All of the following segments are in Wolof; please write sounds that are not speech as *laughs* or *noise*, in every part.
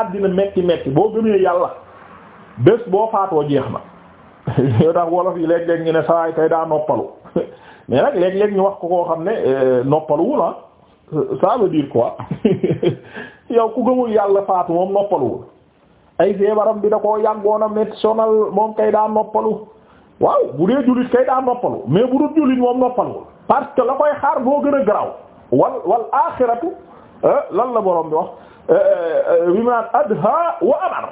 àddina metti metti boo gëmee yàlla bés boo faatoo jeex na *laughs* yoo tax wolof yi léeg-léeg ñu ne sawaay tay daa noppalu *laughs* mais nag léeg-léeg ñu wax ko koo xam ne euh, noppaluwul ah ça veut dire quoi *laughs* yow ku gëmul yàlla faatu moom noppaluwul ay feebaram bi da koo yàggoon a métti sonal moom kay daa noppalu waaw bu dee jullit kay daa noppalu mais bu dul jullit moom noppaluwul parce que la koy xaar boo gën a garaw wal wal aaxiratu euh, lan la borom bi wax bimaan adha wa amar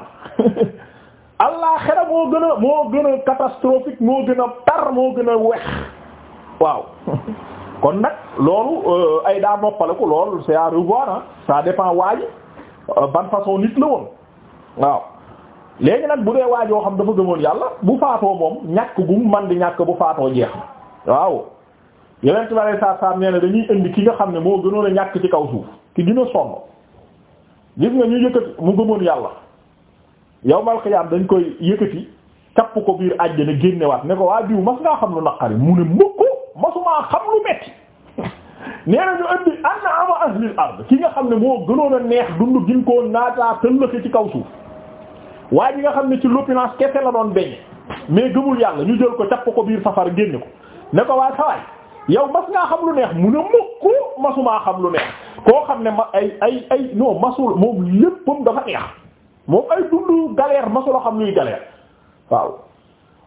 moo gën a moo gën a catastrophique moo gën a tar moo gën a wex waaw kon nag loolu euh, ay daa noppaleku loolu c'est à revoir ça dépend waaji euh, ban façon nit la woon waaw léegi nag bu dee waajoo xam dafa gëmoon yàlla bu faatoo moom ñàkk gu man di ñàkk bu faatoo jeex waaw yeneen ci bari saa saa dañuy indi ki nga xam ne moo gënoon a ñàkk ci kaw suuf ki gën a sonn gis nga ñu yëkkati mu gëmoon yàlla yawmal qiyaam dañ koy yëkkati capp ko biir àjjana génnewaat ne ko waa diw mas ngaa xam lu naqari mu ne mukk masumaa xam lu metti *laughs* nee na ñu indi anna ama ahlil ard ki nga xam ne moo gënoon a neex dund gin koo naataa tëllëxi ci kaw suuf waaye ji nga xam ne ci l'opulence kese la doon beñe mais gëmul yàlla ñu jël ko capp ko biir safar génne ko ne ko waa sawaay yow mas ngaa xam lu neex mu ne mukk masumaa xam lu neex koo xam ne ma ay ay ay non masul moom léppam dafa neex moom ay dundu galère masula xam luy galère waaw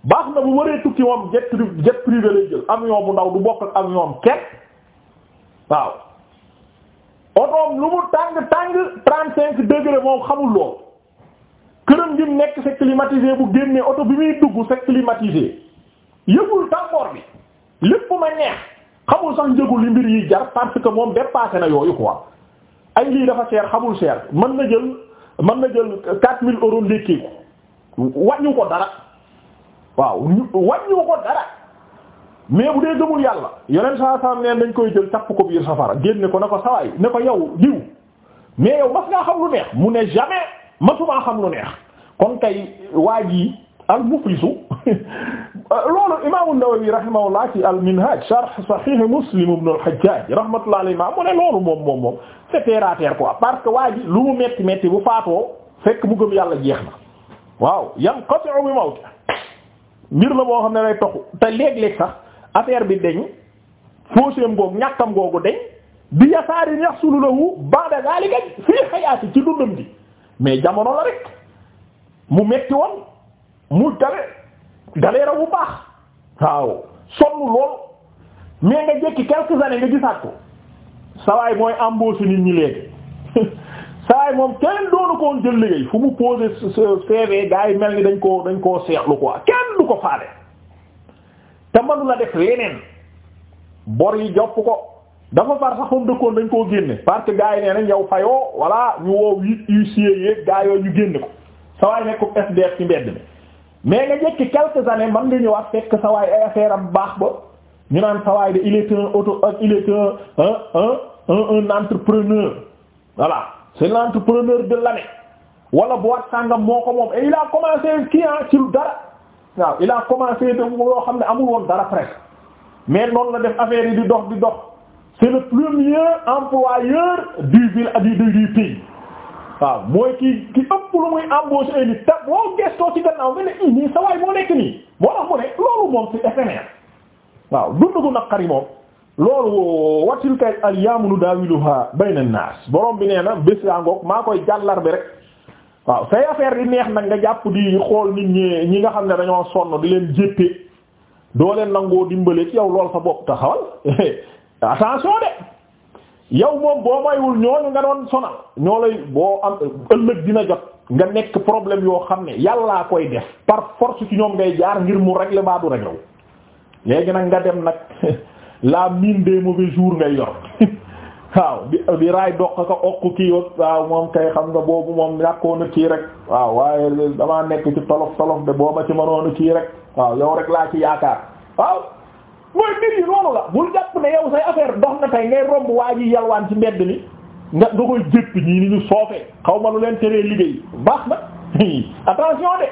baax na bu waree tukki moom jet privé jet bu ndaw du bokk ak avion kenn waaw otoom lu mu tàng tàng trente cinq degré moom xamul lool këram gi nekk c'est climatisé bu génnee oto bi muy dugg c'est climatisé yëgul tàngoor bi lépp ma neex xamul sax njëgul li mbir yi jar parce que moom dépassé na yooyu quoi ay lii dafa cher xamul cher mën na jël mën na jël 4000 euros ndékkee ko wàññu ko dara waaw wàññu ko dara mais bu dee gëmul yàlla yeneen saa saa neen dañ koy jël tapp ko biir safara génne ko na ko sawaay ne ko yow diw mais yow mas ngaa xam lu neex mu ne jamais masumaa xam lu neex kon kay waa ji al muflisu *laughs* loolu imaamu Nawawi rahimahullah ci al-Minhaj sharh Muslim ibn al-Hajjaj rahmatullah alayhi mu ne loolu moom moom moom c'est terre à parce que waa lu mu metti metti bu faatoo fekk mu gëm yàlla jeex na waaw yanqati'u bi mawti mbir la boo xam ne lay toxu te léeg-léeg sax affaire bi deñ fooseem googu ñàkkam googu deñ bi yasaarin yahsulu lahu ba'da zalika fii hayaati ci dundam gi mais jamono la rek mu metti woon mu tare galère bu baax waaw sonn lool mais nga jekki quelques années nga gisaat ko sawaay mooy embauché nit ñi léegi *laughs* sawaay moom kenn doonu ko woon jël liggéey fu mu posé CV gars yi mel ni dañ ko dañ koo seexlu quoi kenn du ko faale te mënu def leneen bor yi jopp ko dafa far sax moom dëkkoon dañ koo génne parce que gars yi nee nañ yow fayoo voilà ñu woo huit huissiers yeeg gars yooyu ñu génne ko sawaay nekk ko SDF ci mbedd mi mais nga jekki quelques années man nga ñëwaat fekk sa waay ay affaire am baax ba ñu naan sa waay de il est un auto euh, il est un un un un entrepreneur voilà c'est l'entrepreneur de l'année wala boîte sàngam moo ko moom et commencé kii ah ci lu dara waaw il a commencé de loo xam ne amul woon dara presque mais noonu la def affaire yi di dox di dox c'est le premier employeur du ville du waaw mooy ki ki ëpp lu muy embauché ay nit te boo gestoo ci gannaaw nga ne i nii sa waay moo nekk nii moo tax mu ne loolu moom ci éphémère waaw dund gu naqari moom loolu wa tilka al-ayyaamu nudaawiluhaa bayna an-naas borom bi nee na bés yaa ngoog maa koy jàllar bi rek waaw say affaire di neex nag nga jàpp di xool nit ñi ñi nga xam ne dañoo sonn di leen jéppe doo leen nangoo dimbale ci yow lool sa bopp taxawal *laughs* attention de yow moom boo maywul ñooñu nga doon sonal ñoo lay boo am ëllëg dina jot nga nekk problème yoo xam ne yàllaa koy def par force ci ñoom ngay jaar ngir mu régler ba du régler wu léegi nag nga dem nag *laughs* la mine des mauvais jours ngay yor *laughs* waaw di di raay doq ko okk kii waaw moom kay xam nga boobu moom ñàkkoon a kii rek waaw waaye damaa nekk ci tolof tolof de boo ma ci mënoon a kii rek waaw yow rek laa ci yaakaar waaw mooy mbir yi loolu la bul jàpp ne yow say affaire dox na tey ngay romb waa ji yalwaan ci mbedd mi nga nga koy jëpp ñii ni ñu soofee xaw ma lu leen teree liggéey baax na *laughs* attention de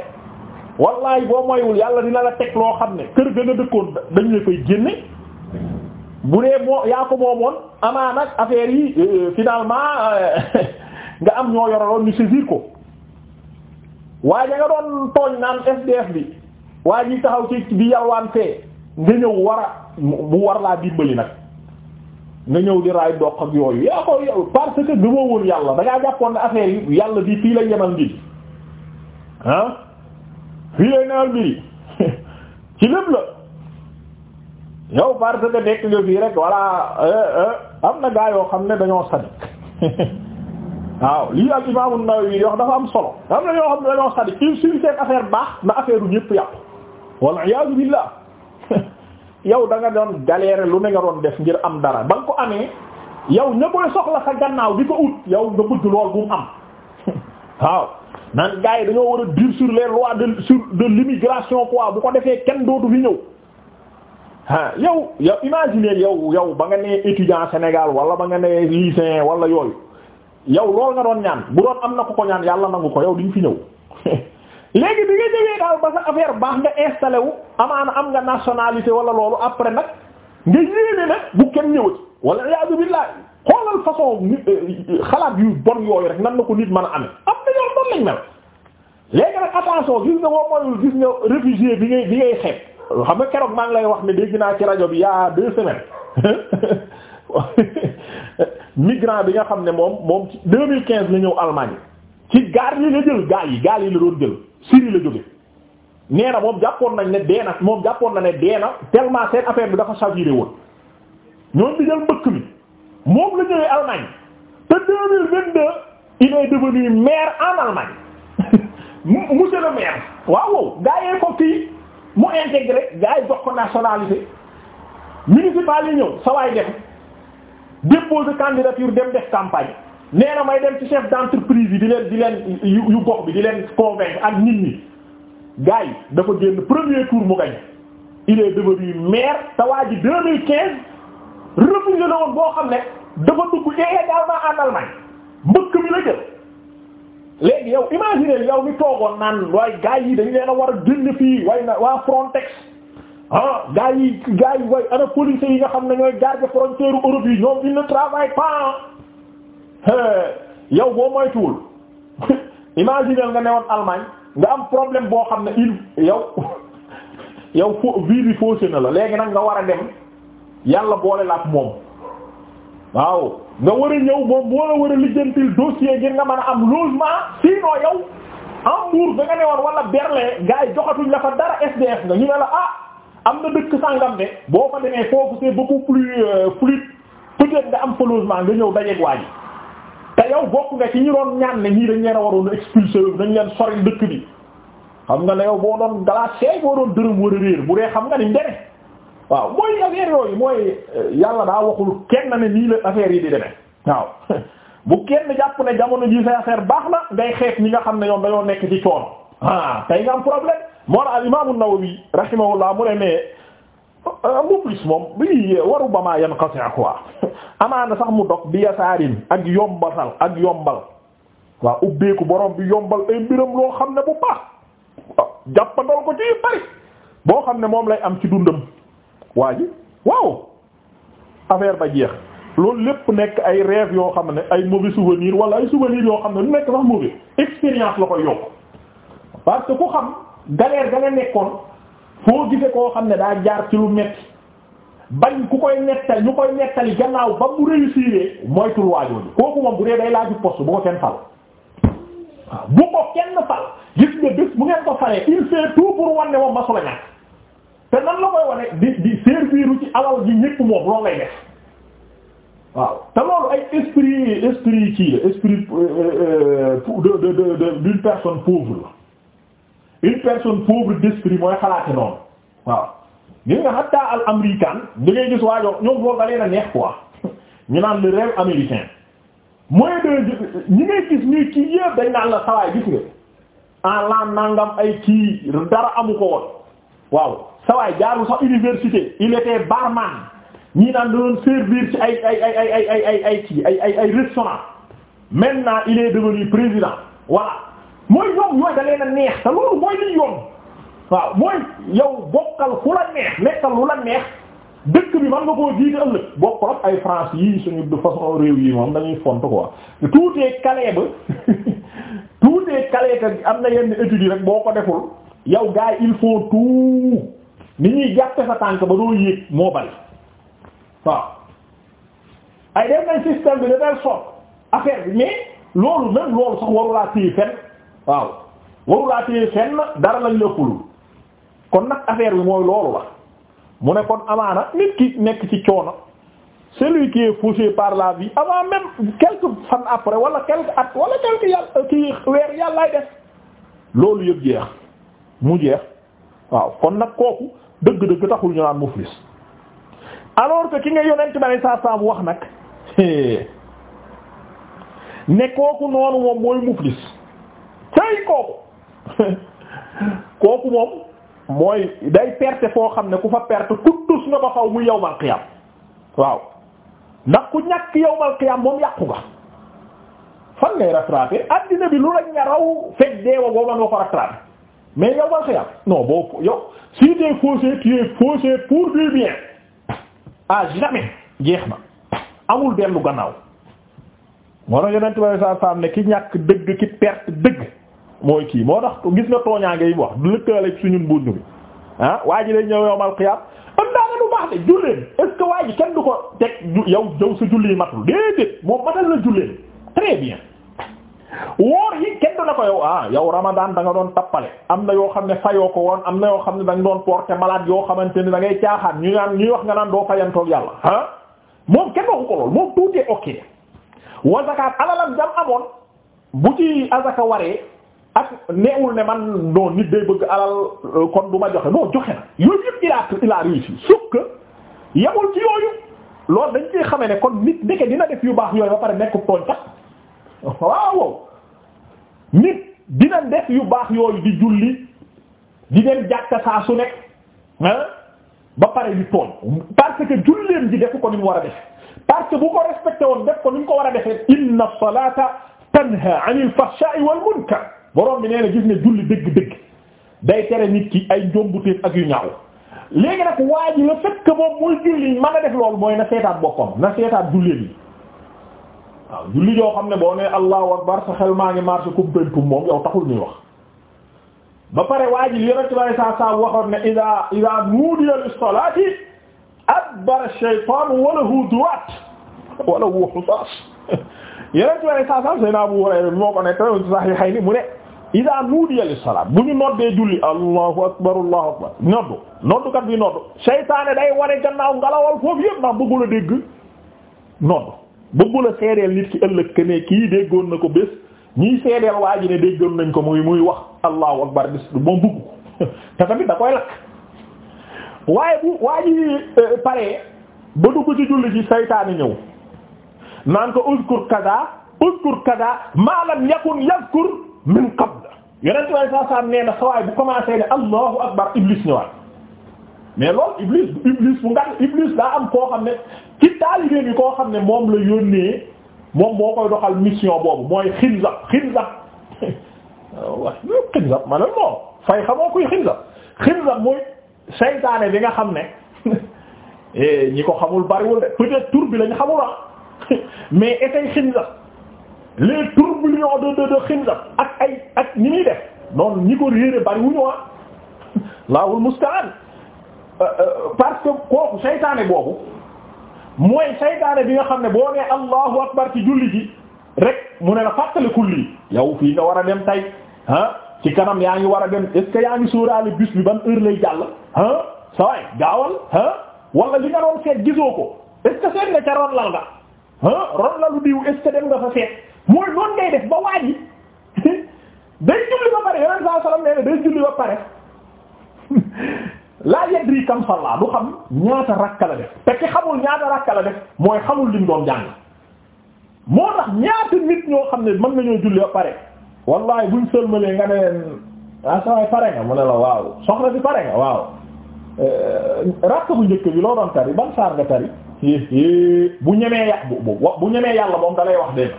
wallahi boo moywul yàlla dina la teg loo xam ne kër gën a dëkkoon dañu la koy génne bu dee moo yaa ko moomoon amaa affaire yi euh, euh, finalement euh, *laughs* nga am ñoo yoraloon ñu saisir ko waaye nga doon tooñ naan SDF bi waa ji taxaw ci bi yalwaan fee nga ñëw war a mu war laa dimbali nag nga ñëw di raay doq ak yooyu yaa ko parce que gëmoo woon yàlla da ngaa jàppoon ne affaire yi yàlla di fii la yemal mbir ah fii lay nemal mbir *laughs* ci lépp la yow parce que nekk nga fii rek voilà eh, eh, am na gaa yoo xam ne dañoo sadik *laughs* waaw lii al imam solo am na yoo xam ne dañoo sadik il suffit affaire baax na affaire u ñëpp yàqu wal yow da nga doon galère lu ne nga doon def ngir am dara ba nga ko amee yow ña soxla sa gannaaw di ko ut yow nga bëgg lool bu mu am *laughs* waaw naan gars yi dañoo war a dire sur les lois de sur de l'immigration quoi bu ko defee kenn dootu fi ñëw ah yow yow imaginer yow yow ba nga nee étudiant Sénégal wala ba nga nee lycéen wala yooyu yow lool nga doon ñaan bu doon am na ko ko ñaan yàlla nangu ko yow di nga fi ñëw *laughs* léegi bi nga jógee daal ba sa affaire baax nga installé wu amaana am nga nationalité wala loolu après nag nga yéene nag bu kenn ñëwati wala iyaazu billaah xoolal façon euh, xalaat yu bon yooyu rek nan na ko nit mën a amee am na yoon doon lañ mel léegi nag attention gis nga boo moyul gis nga réfugié bi ngay bi ngay xeeb xam nga keroog maa ngi lay wax ne dégg naa ci rajo bi yaa deux semaines *laughs* migrant bi nga xam ne moom moom ci deux mille quinze la ñëw Allemagne ci gaal yi la jël gaal yi gaal yi la doon Syrie la jóge nee na moom jàppoon nañ ne dee na moom jàppoon na ne dee na tellement seen affaire bi dafa chaviré woon ñoom di jël mbëkk mi moom la ñëwee Allemagne te 2022 il est devenu maire en Allemagne *laughs* monsieur le maire waaw wow gaa yee mu intégré gaa yi jox ko nationalité municipal yi ñëw sawaay def déposer candidature dem def campagne nee na may dem ci chef d'entreprise yi di leen di leen yu gox bi di leen convaincre ak nit ñi gars yi dafa génn premier tour mu gañ il est devenu maire te waa ji 2015 refusé na woon boo xam ne dafa dugg illégalement en Allemagne mbëkk mi la jël léegi yow imaginer yow mi toogoon naan waaye gaa yi dañu leen war a génn fii waaye na waa Frontex ah gars yi gars yi waaye ana police yi nga xam ne ñooy garde frontière Europe yi ñoom ils ne travaillent yow boo moytuwul *laughs* imaginer nga newoon Allemagne nga am problème boo xam ne il yow *laughs* yow fo vie bi la léegi nag nga war a dem yàlla boole la ak moom waaw nga war a ñëw moom boo la war a lijjantil dossier ngir nga mën a am logement sinon yow Hambourg ba nga newoon wala Berlin gars yi joxatuñ la fa dara SDF nga ñu ne la ah am na dëkk sangam de boo fa demee foofu c'est beaucoup plus euh, fluide peut-être nga am fa logement nga ñëw dajeeg waa ji te yow bokk nga ci ñu doon ñaan ne ñii dañ leen a waroon a expulser dañ leen sori dëkk bi xam nga ne yow boo doon glacé boo doon dërëm war a réer bu dee xam nga ni ndene waaw mooy affaire yooyu mooy euh, yàlla daa waxul kenn ne nii la affaire yi di demee waaw *laughs* bu kenn jàpp ne jamono ji sa affaire baax na ngay xeet ñi nga xam ne ñoom dañoo nekk ci coon ah tey nga am problème moo la al imam an-Nawawi rahimahullah mu ne nee muflis euh, moom bi waru ba maa yan *laughs* amaana sax mu dog bi yasaarin ak yombasal ak yombal waaw ubbeeku borom bi yombal ay mbiram loo xam ne bu baax ah, jàppandal ko ci bari boo xam ne moom lay am ci dundam waa ji waaw affaire ba jeex loolu lépp nekk ay rêve yoo xam ne ay mauvais souvenir wala ay souvenirs yoo xam ne lu nekk sax mauvais expérience la koy yokk parce que ku xam galère da nekkoon foo gise koo xam ne daa jaar ci lu metti bañ ku koy nettali ñu koy nettali gannaaw ba mu réussiree moytul waajoo ji kooku moom bu dee day laaju poste bu ko kenn fal waaw bu ko kenn fal gis nga bés bu ngeen ko falee il fait tout pour wane moom masu la te nan la koy wane di di serviru ci alal ji ñépp moom loolu lay def waaw te loolu ay esprit esprit kii esprit euh, euh, euh, de de de d'une personne pauvre la une personne pauvre d'esprit mooy xalaate noonu waaw gis nga hatta al américain da gis waajo ñoom loolu da neex quoi *laughs* ñu naan le rêve américain mooy de ñi ngay gis nii kii yëpp dañ naan la sawaay gis nga en lan nangam ay kii dara amu ko woon waaw sawaay jaarul sax université il était barman ñii naan da doon ay ay ay ay ay ay ay ay ay ay restaurant maintenant mooy ñoom yooyu da leen a neex te loolu mooy liy yoon waaw mooy yow bokkal fu la neex nekkal lu la neex dëkk bi man nga koo jiite ëllëg bokkal ak ay France yii suñu de façon réew yi moom dañuy font quoi tuutee kalee ba tuutee kalee ka am na yenn études rek boo ko deful yow gars yi il faut tout ni ñuy jàppe sa tànk ba doo yéeg moo bari waaw ay def nañ système bi de telle sorte bi mais loolu même loolu sax warulaa téye fenn waaw warulaa téye fenn dara lañ lëkkalu kon nag affaire bi mooy loolu la mu ne kon amaana nit ki nekk ci coono celui qui est poussé par la vie avant même quelques fan après wala quelques at wala quelques yàlla euh, kii weer yàllaay def loolu yëpp jeex mu jeex waaw kon nag kooku dëgg-dëgg taxul ñu naan muflis alors ki nga yonent ba saa saa wax nag *laughs* ne kooku noonu moom mooy muflis. tey kooku *laughs* kooku moom mooy day perte foo xam ne ku fa perte kuttus nga ba xaw mu yawmal qiyam waaw ndax ku ñàkk yawmal qiyam moom yàqu nga fan ngay rattraper addina bi lu la nga raw fekk deewa boo mën nga ko rattraper mais yawmal qiyam non boo yow si t'es faussé tu pour du bien à jamais jeex na amul dellu gannaaw moo na yonent bi sallallahu alayhi wasallam ne ki ñàkk dëgg ki perte dëgg mooy kii moo tax gis nga tooñaa ngay wax du lëkkaleeg suñu mbuutu bi ah waa ji lay ñëw yowmal xiyaam am daana lu baax de julleen est-ce ji kenn du ko teg yow yow sa julli matul déedéet moom matal la julleen très bien. woor yi kenn du na ko yow ah yow Ramadan da nga doon tappale am na yoo xam ne fayoo ko woon am na yoo xam ne da doon porter malade yoo xamante ne da ngay caaxaan ñu naan ñuy wax nga naan doo fayantoog yàlla ah moom kenn waxu ko lool moom tuutee ok wa alalam ak neewul ne man non nit day bëgg alal euh, kon du ma joxe non joxe na yooyu yëpp il a il a réussi ci yooyu loolu dañ koy xamee ne kon nit ndeke dina def yu baax yooyu ba pare nekk tooñ kat waaw nit dina def yu baax yooyu di julli di dem jàkka saa su nekk ba pare di tooñ parce que julleem di defu ko ni mu war a def parce que bu ko respecté woon def ko ni mu ko war a defee inna salata tanha anil fahsha'i wal munkar borom bi nee na gis ne julli dëgg-dëgg day tere nit ki ay njombuteef ak yu ñaaw léegi nag waa ji la fekk moom muy julli mën a def loolu mooy na seetaat boppam na seetaat julleen yi waaw julli joo xam ne boo nee allahu akbar sa xel maa ngi marché kumpentum moom yow taxul ñuy wax ba pare waa ji yonente bi alei saa salaam waxoon ne ida ida nuudiya lis-salaati adbara shaytaanu wa lahu duwaat wa lahu husaas *laughs* yonente mu ne ida nuudiya lis-salaat bu ñu noddee julli allahu akbar allahu akbar noddu noddukat bi noddu seytaane day ware gannaaw ngalawal foofu yëpp ndax bëggul a dégg noddu bëggul seedeel nit ki ëllëg ke kii déggoon na ko bés ñii seedeel waa ne déggoon nañ ko muy muy wax allahu akbar bis moom bëgg ko *laughs* te tamit da koy lakk waaye bu waa ji euh, paree ba dugg ci julli ci seytaane ñëw naan ko uzkur kada uzkur kada ma yakun yazkur min qabl yonent way saa saa nee na sawaay bu commencé ne allahu akbar iblis ñëwaat mais loolu iblis iblis bu ngat iblis daa am koo xam ne ci taalibe bi koo xam ne moom la yónnee moom moo koy doxal mission boobu mooy xinzab xinzab *laughs* waaw xinzab ma ne moom fay xamoo kuy mooy seytaane bi nga xam ne *laughs* eh, ñi ko xamul bariwul de peut tour bi lañ xamul ah *laughs* mais etay xinzab les tourbillons de de de xinzab ak ay ak ñi muy def noonu ñi ko réere bari wu ñu ah *laughs* euh, euh, parce que kooku saytaane boobu mooy seytaane bi nga xam ne boo nee allahu akbar ci julli ji rek mu ne la fàttaliku lii yow fii nga war a dem tay ah ci kanam yaa ngi war a dem est yaa ngi sóoraale bis bi ban heure lay jàll ah sa waay gaawal ah wala li nga doon seet gisoo ko est seet nga ca ron lal nga ah ron diw est dem nga fa seet mooy noonu ngay def ba waaj yi *laughs* day julli ba pare yeneen saa salaam nee na julli ba pare *laughs* laa yadri kam salla du xam ñaata rakka la def te ki xamul ñaata rakka la def mooy xamul li doon jàng moo tax ñaata nit ñoo xam ne mën nañoo julli ba pare wallahi buñ sëlmalee nga ne leen ah saa pare nga mu ne la waaw soxna si pare nga waaw euh, rakka bu njëkk bi loo doon tari ban saar nga tari bu ñemee yà bu bu bu ñemee yàlla moom dalay wax dëgg.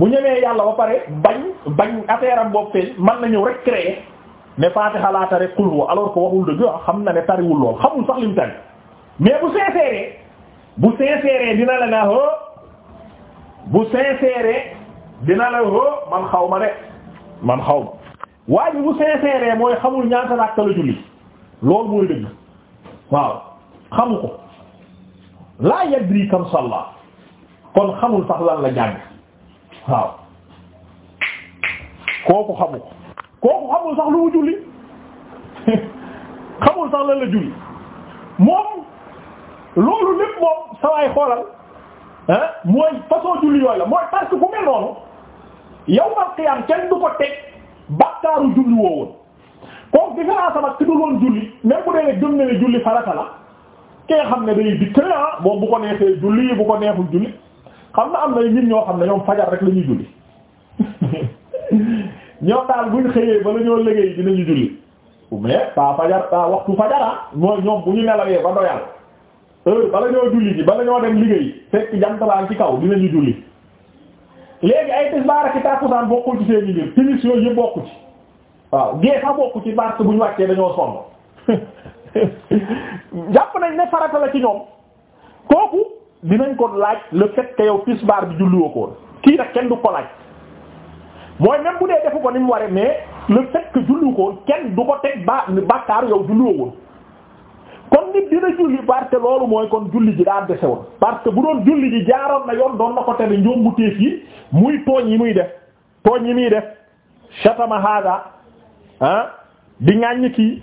bu ñemee yàlla ba pare bañ bañ affaire am boobu man mën na ñëw rek créer ne Fatiha laa tare qul huwa alors que waxul dëgg ah, xam na ne tariwul lool xamul sax lim tari mais bu sincère bu sincère dina la naa hë oh, bu sincère dina la hë oh, man xaw ma de man xaw ma waa bu sincère mooy xamul ñaata laaj la julli loolu mooy dëgg waaw xamu ko laa yadri kam salla kon xamul sax lan la jàng waaw kooku xamul kooku xamul sax lu mu julli *laughs* xamul sax lan la julli moom loolu lépp moom sawaay xoolal ah mooy façon julli yooyu la mooy parce que ku mel noonu yow mal xiyaam kenn du ko teg bakkaaru julli woowoon kooku différence am ak ki du loon julli même bu dee ne gëm na julli farata la ki xam ne day dicté ah moom bu ko neexee julli bu ko neexul julli xam na am na nit ñoo xam ne ñoom fajar rek la ñuy julli ñoom daal buñ xëyee ba la ñoo liggéey dinañu julli mais pas fajar pas waxtu fajara ah, mooy ñoom bu ñu nelawee ba doyal heure bala ñoo julli ji bala ñoo dem liggéey fekk jantalaan ci kaw ñu julli léegi ay tisbaar ak tàkkusaan bokkul ci seen i mbir timis yooyu yëpp bokku ci waaw gée sax bokku ci barke bu ñu wàccee dañoo sonn *laughs* jàpp nañ ne farata la ci ñoom kooku dinañ ko laaj le fait que yow tisbaar bi julliwoo ko kii nag kenn du ko laaj mooy même bu dee defu ko ni mu waree mais le fait que ko woon kenn du ko teg ba bàkkaar yow julliwoo woon kon nit dina julli parce que loolu mooy kon julli ji daa dese woon parce que bu doon julli ji jaaroon na yoon doon na ko tere njombu téef yi muy tooñ yi muy def tooñ yi muy def shatama hada ah di ŋàññ kii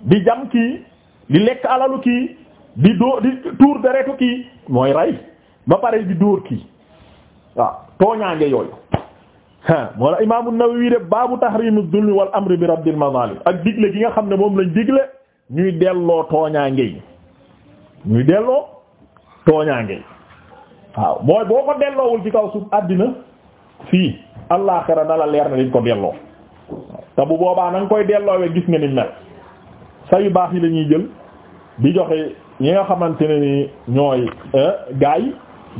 di jam kii di lekk alalu kii di doo di tuur deretu kii mooy rey ba pare di dóor kii waaw tooñaange yooyu moo la na Nawawi de baabu tahrimu dhulmi wal amri bi raddil mazalim ak digle gi nga xam ne moom lañ digle ñuy delloo tooñaange yi ñuy delloo tooñaange yi waaw mooy boo ko delloowul ci kaw suuf àddina fii allaaxira na la leer na liñ ko delloo te bu boobaa na koy delloowee gis nga ni mel sayu baax yi lañuy ñuy jël di joxe ñi nga xamante ne ni ñooy eh, gaa yi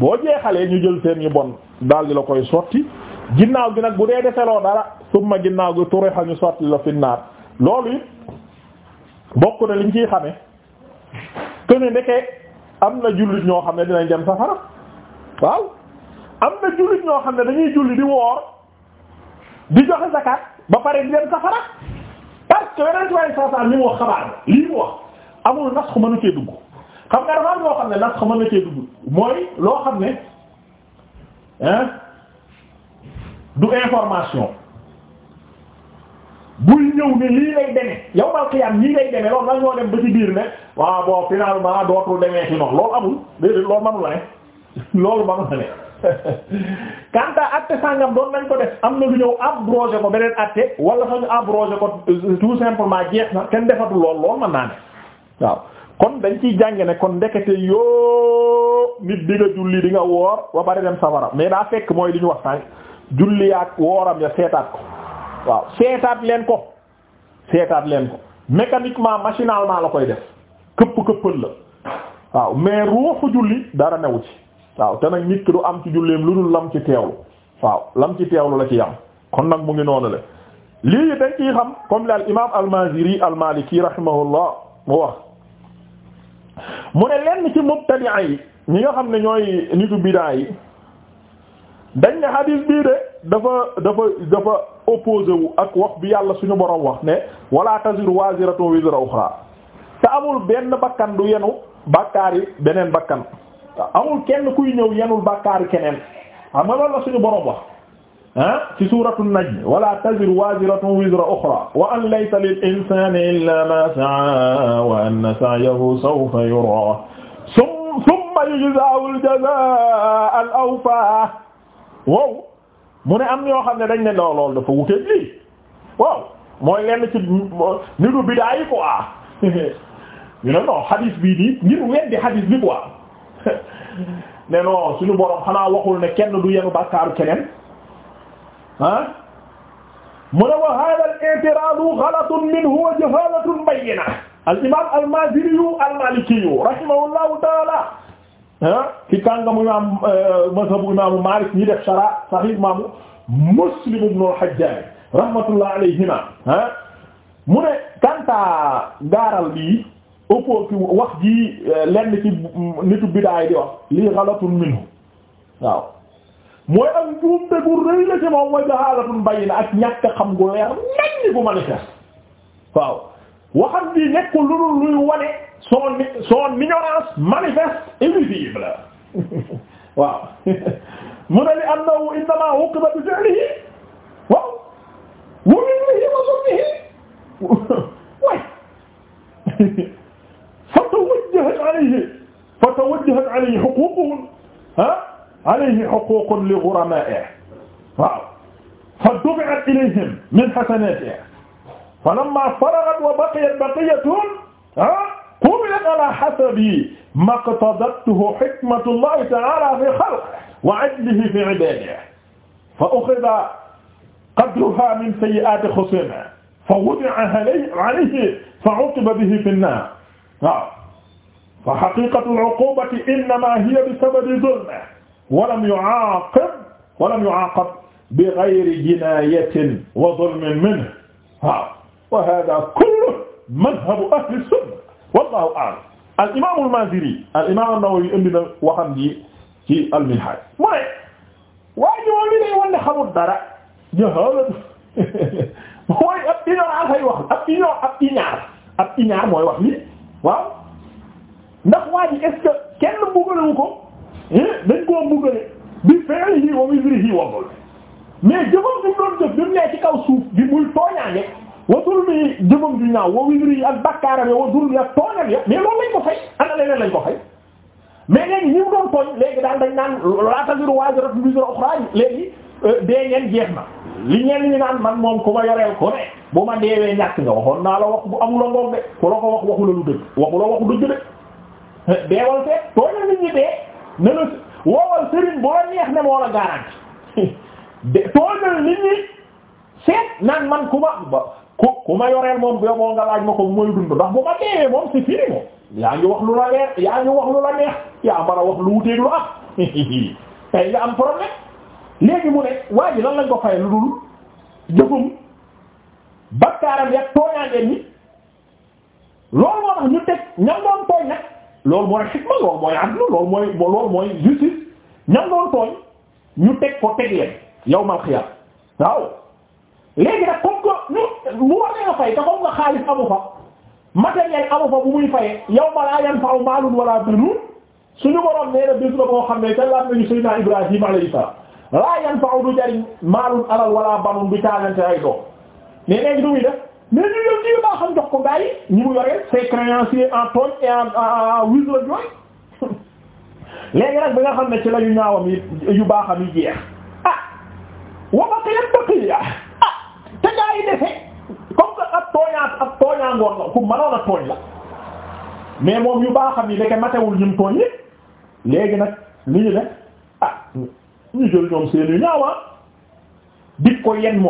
boo jeexalee ñu jël seen ñu bon daal di la koy sotti ginnaaw gi nag bu dee defeloo dara summa ginnaaw gi turi xañu sotti la fi naar loolu it bokk na liñ ciy xame këne ndeke am na jullit ñoo xam ne dinañ dem safara waaw am na jullit ñoo xam ne dañuy julli di woor di joxe zakat ba pare di dem safara parce que yeneen waaye soo saa ni lii mu amul nas xu mënu cee dugg xam nga dafa am loo xam ne nas mën na cee dugg loo xam ne hein du information buy ñëw ne lii lay deme yow mal nañ ko def am na lu ñëw abrogé ko beneen atte wala sañu abrogé ko euh, tout simplement jeex na kenn defatu lool loolu mën naa ne waaw kon dañ ci jànge ne kon ndekete yoo nit di nga julli di nga woor ba bari dem safara mais daa fekk mooy li ñu wax sànq julli ak wooram ya seetaat ko waaw seetaat leen ko seetaat leen ko mécaniquement machinalement la koy def këpp këppal la waaw mais ruuxu julli dara newu ci waaw te nag nit ki du am ci julleem lu dul lam ci teewlu waaw lam ci teewlu la ci yam kon nag mu ngi noonu le lii dañ ciy xam comme li al al-Maziri al-Maliki rahimahullah wax mu ne lenn ci mubtadi'a yi ñi nga xam ne ñooy nitu bidaa yi dañ ne hadis bii de dafa dafa dafa opposé ak wax bi yàlla suñu borom wax ne wala taziru waziratun wizra ukhra te amul benn bakkan du yenu bàkkaar beneen bakkan amul kenn kuy ñëw yenul bàkkaar yi keneen xam nga loolu la suñu borom wax ah ci suuratu najm wala taziru waaziratun wizra uxraa wa an laysa lil insaani illaa maa sa'aa wa anna sa'yahu sawfa yuraa summa yujzaahu al-jazaa'a al-awfaa waaw mu ne am ñoo xam ne dañ ne lool lool dafa wuteeg lii waaw mooy lenn ci ni du bidaa yi quoi *laughs* ñu ne non hadis bii nii ngir weddi hadis bi quoi *laughs* ne non suñu borom xanaa waxul ne kenn du yenu bàkkaaru keneen. ah mu ne wa hada al i'tiradu ghalatun minhu wa jahalatun bayyina al imam al maziri yu al maliki yu rahimahullahu taala ah ci kàngamu imam eh, mazhabu imaamu Maalik ñi def shara sahih imaamu Muslim ibn al Hajjaj rahmatullah alayhima ah mu ne kanta gaaral bi ëppoo ci wax ji eh, lenn ci nitu bidaay di wax lii ghalatun minhu waaw mooy ak njuumte gu rëy la ci moom wa jahalatun bayna ak ñàkk xam gu leer nañ gu manifeste waaw waxam ji nekkul lu dul luy wane son son ignorance manifeste et visible *laughs* waaw *laughs* mu ne li annahu innama uqiba bi fi'lihi waaw mu ngi nii ma sunnihi *laughs* waay fa tawajjahat alayhi fa tawajjahat alayhi huquq alayhi huququn li ghurama'ihi waaw fa dubi'at ilayhim min hasanatihi falamma faraghat wa baqiyat baqiyatun qubilat ala hasabi maqtadatuhu hikmatullahi ta'ala fi khalqihi wa 'adlihi fi 'ibadihi fa ukhidha qadruha min sayyi'ati khusamihi fa wudi'a alayhi fa 'uqiba bihi fi an-nar waaw fa haqiqatu al-'uqubati innama hiya bi sababi dhulmihi walam yu'aqab walam yu'aqab bi ghayri jinayatin wa zulmin minhu waaw wa hada kullu madhabu ahli sunna wallahu a'lam al imam al-Maziri al imam an-Nawawi indi na waxam ji ci al-Minhaj mu ne waa jiwoon li day wan ne xamul dara jahalat *laughs* mooy ab ignorance ay wax ab ignorance ab ignorance ab ignorance mooy wax li waaw ndax waa ji est-ce que kenn bëggalu ko Eh, dañ koo mbuggale bi fi'lihi wa wizrihi wa dhulmi mais jëfam bi mu doon jëf bi mu nee ci kaw suuf bi muy tooñaange wa dhulmi jëfam bi ñaaw wa wizrihi ak bakkaaram ya wa dhulmi ak tooñam ya mais loolu lañ ko fay ana leneen lañ ko fay mais léegi ñi mu doon tooñ léegi daal dañ naan laa taziru waaziratun wizra uxraa léegi euh, dee ngeen jeex na li ñeen man moom ku ma yoreel ko bu ma deewee ñàkk nga waxoon naa la wax bu de ku la ko wax waxu la la waxu dëgg de eh, deewal feet tooñal nit ne la woowal sëriñ boo neex ne moo la garanti de tooñal nit ñi seet naan man ku ma ba ku ku ma yoreel moom boo moo nga laaj ma ko mooy dund ndax ma deewee moom c'est fini moom wax lu lu neex yaa mën a wax lu wuteeg lu am *laughs* tey nga am problème léegi mu ne waa ji lañ ko fay lu dul jëfum bakkaaram yak tooñaangeen ñi loolu moo tax ñu teg ñam doon tooñ nag loolu mooy xikma loolu mooy adlu loolu mooy loolu mooy justice ñam doon tooñ ñu teg ko teg leen yow mal xiyam waaw léegi nag comme que ñu bu war nga fay te comme nga xaalis amu fa matériel amu fa bu muy fayee yow ma laa yan faaw maalun wala banuun suñu borom nee na bés la boo xam ne te laaj nañu Seydina Ibrahima alayhi salaam laa yan faaw du jariñ maalun alal wala banuun du caalante ay doom mais léegi du muy def mais ñu loo xam jox ko gars yi ñi mu yore ses créanciers en tonne et en en huile de joie *laughs* léegi nag bi nga xam ne ci la yu ñaawam yi yu baaxam yi jeex ah wa baqiyat baqiya ah te gars yi defe comme que ak tooñaat ak tooñaangoon la ku mënoon a tooñ la mais moom yu baaxam yi ndeke matewul ñum tooñ yëpp léegi nag li ñu def ah ñu jël ñoom seen yu ñaawa dik ko yen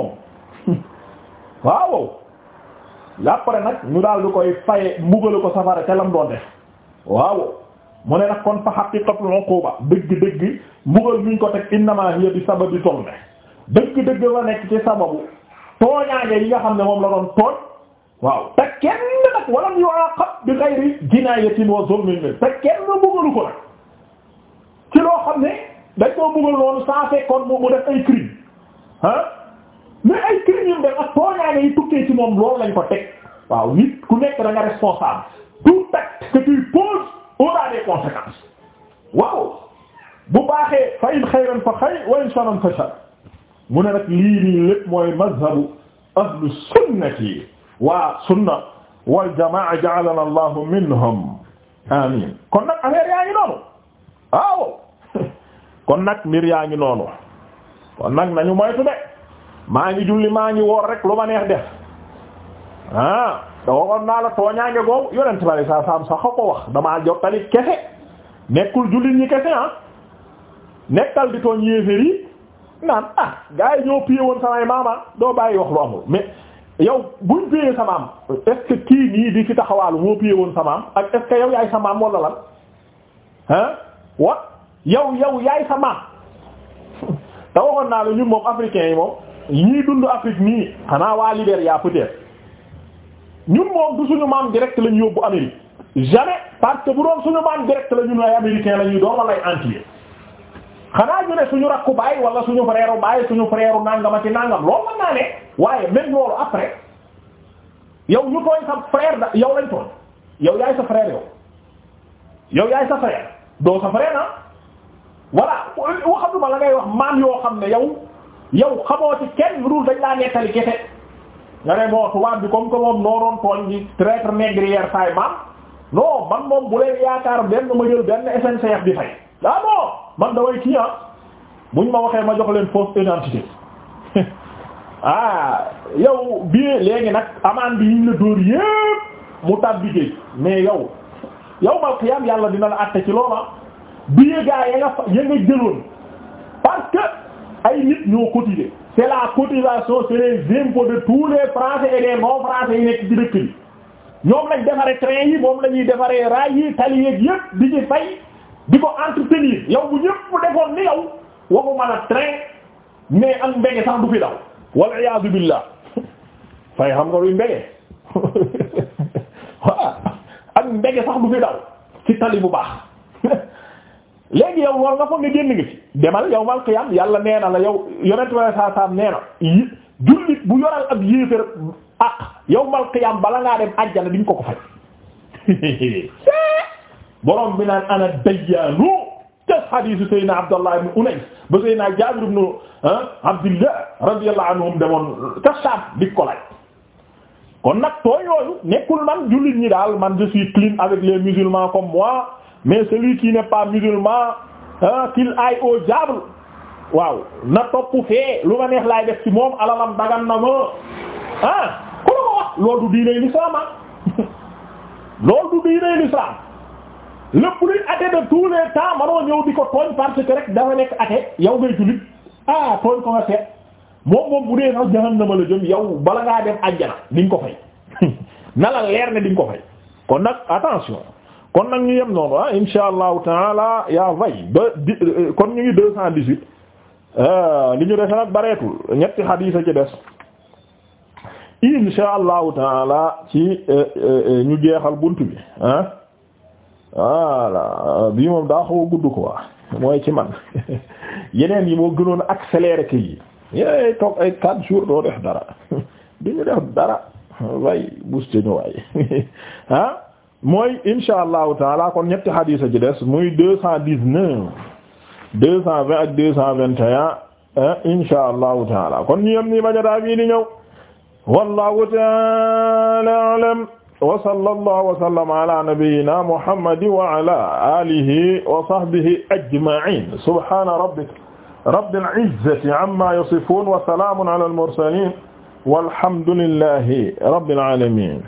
*laughs* après nag ñu daal di koy faye mbugale ko safara te lam doon def waaw mu ne nag kon fa haqiqatul uquba dëgg-dëgg mbugal ñu ko teg innama hiya bi sababi tolne dëgg-dëgg la nekk ci sababu tooñaange yi nga xam ne moom la doon tooñ waaw te kenn nag walam yuaqab bi ghayri jinayatin wa zulmin min te kenn mbugalu ko nag ci loo xam ne dañ koo mbugal loolu saa fekkoon mu def ay crime ah. mais ay kër ku nekk da nga responsable tout acte que tu des conséquences waaw bu baaxee fa in fa xayr wa in sharran fa mu ne nag lii nii mooy mazhabu ahlu sunnati waa sunna wal jamaa ja'alana allahu minhum amin kon nag affaire yaa ngi noonu waaw *laughs* nañu moytu maa ngi julli maa ngi woor rek lu ma neex def ah te waxoon naa la tooñaange googu yonent bari saa saam sax ko wax damaa jottali kese nekkul jullit ñi kese ah nekkal di tooñ yéeféer yi naan ah gars yi ñoo piyé woon samay maama ah, doo bàyyi wax lu amul mais yow buñ piyee samaam est-ce que kii nii di fi taxawaalu moo piyé woon samaam ak est-ce que yow yaay samaam lan ah wa yow yow yaay samaam *laughs* te waxoon naa la ñun moom africain yi moom ñii dund Afrique nii xanaa waa Libéria peut-être ñun moom du suñu maam direct la ñu yóbbu Amérique jamais parce que bu doon suñu maam direct la ñun ay américain la ñuy doon wala xanaa ñu ne suñu rakku baay wala suñu frère baay suñu frère nangama ci nangam loolu mën naa waaye même loolu après yow ñu tooñ sa frère da yow lañ tooñ yow yaay sa frère yow yow yaay sa frère doo sa frère na ah. voilà waxatuma la ngay wax maam yoo xam ne yow. yow xamoo ci kenn rul dañ laa nettali kese nga ne moo tubaab bi comme que moom nooroon tooñ di traître négrière saay maam non man moom bu leen yaakaar benn ma jël benn SNCF bi fay ah non man daway kii ah buñ ma waxee ma jox leen fausse identité *laughs* ah yow bii léegi nag amende bi ñu la dóor yépp mu tàbbi géej mais yow yow mal xiyam yàlla dina la àtte ci looma bi gaa ya nga fa jëloon parce ay nit ñoo cotiser c'est la cotisation c'est les impôts de tous les français et les non français yi nekk ci dëkk ñoom lañ defaree train yi moom la ñuy defaree raay yi tali yeeg yëpp di ci fay di ko entretenir yow bu ñëpp defoon ni ko waxuma a train mais ak mbege sax du fi daw wal iyaadu billah fay xam nga luy mbége waaw *laughs* ak mbége sax du fi daw ci tali bu baax *laughs* léegi yow loolu nga foog nga génn nga ci demal yow mal qiyam yàlla nee na la yow yonent wala saa saam nee na jullit bu yoral ab yéefér ak yow mal qiyam bala ngaa dem àjjana diñ ko ko fay *laughs* borom bi naan ana dayyaanu tas hadiisu Seydina Abdallah ibn Unays ba Seydina Jaabir ibn ah, Abdillah radiyallahu anhum demoon ca Saam di ko laaj kon nag tooy yooyu nekkul man jullit ñi daal man je clean avec les musulmans comme moi mais celui qui n'est pas musulman qu'il aille au diable waaw na topp fee lu ma neex laay def ci moom alalam dagan na ma ah ku la ko wax loolu du diiney l'islam ah *laughs* loolu du diiney l'islam le plus athée de tous les temps manoo ñëw di ko tooñ parce que rek dafa nekk athée yow ngay jullit ah tooñ ko nga seet moom moom bu dee sax jahannama la jëm yow bala ngaa dem àjjana di nga ko fay *laughs* na la leer ne di ko fay kon nag attention kon nag ñu yem noonu ah insha allahu taala yaa vay ba di euh, kon ñu ngi deux cent dix-huit euh, li ñu dese nag bareetul ñetti xadiis a ci des insha allahu taala ci euh, ñu jeexal bunt bi ah voilà bii moom daa xaw a gudd quoi mooy ci man *laughs* yeneen yi moo gënoon accéléré que yi yéey toog ay quatre jours doo def dara *laughs* du ñu def dara way bus te ñu waay *laughs* ah mooy insha allahu taala kon ñetti xadiis a ci des muy deux cent dix-neuf deux cent vingt ak deux cent vingt et un insha allahu taala kon ñu yem nii bajataa bii di ñëw wallahu taala alam wa sallallahu wa sallama ala nabiyyina muhammad wa ala alihi wa sahbihi ajma'in subhana rabbika rabbil izzati amma yasifun wa salamun ala al mursalin walhamdulillahi rabbil alamin